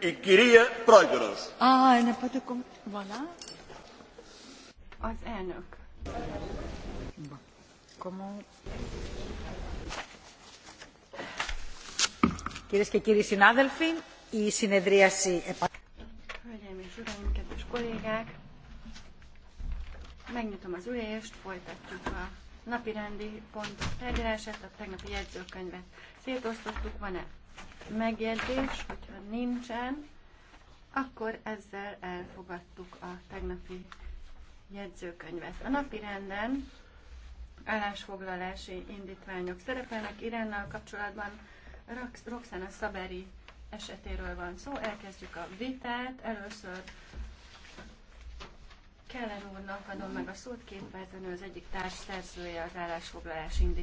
Η κυρία Πρόεδρος. Α, ένα πρώτο κομμάτι. Az elnök. Comment... και κύριοι συνάδελφοι, η συνεδρίαση... Hölgyeim kollégák! Megnyitom az ülést, folytatjuk a napirendi pontok tárgyalását, a tegnapi jegyzőkönyvet szétosztottuk, van-e megjegyzés, hogy nincsen, akkor ezzel elfogadtuk a tegnapi jegyzőkönyvet. A napi renden állásfoglalási indítványok szerepelnek Irennel kapcsolatban. Roxana Szaberi esetéről van szó. Elkezdjük a vitát. Először Kellen úrnak adom meg a szót, két az egyik társszerzője az állásfoglalás indítványok.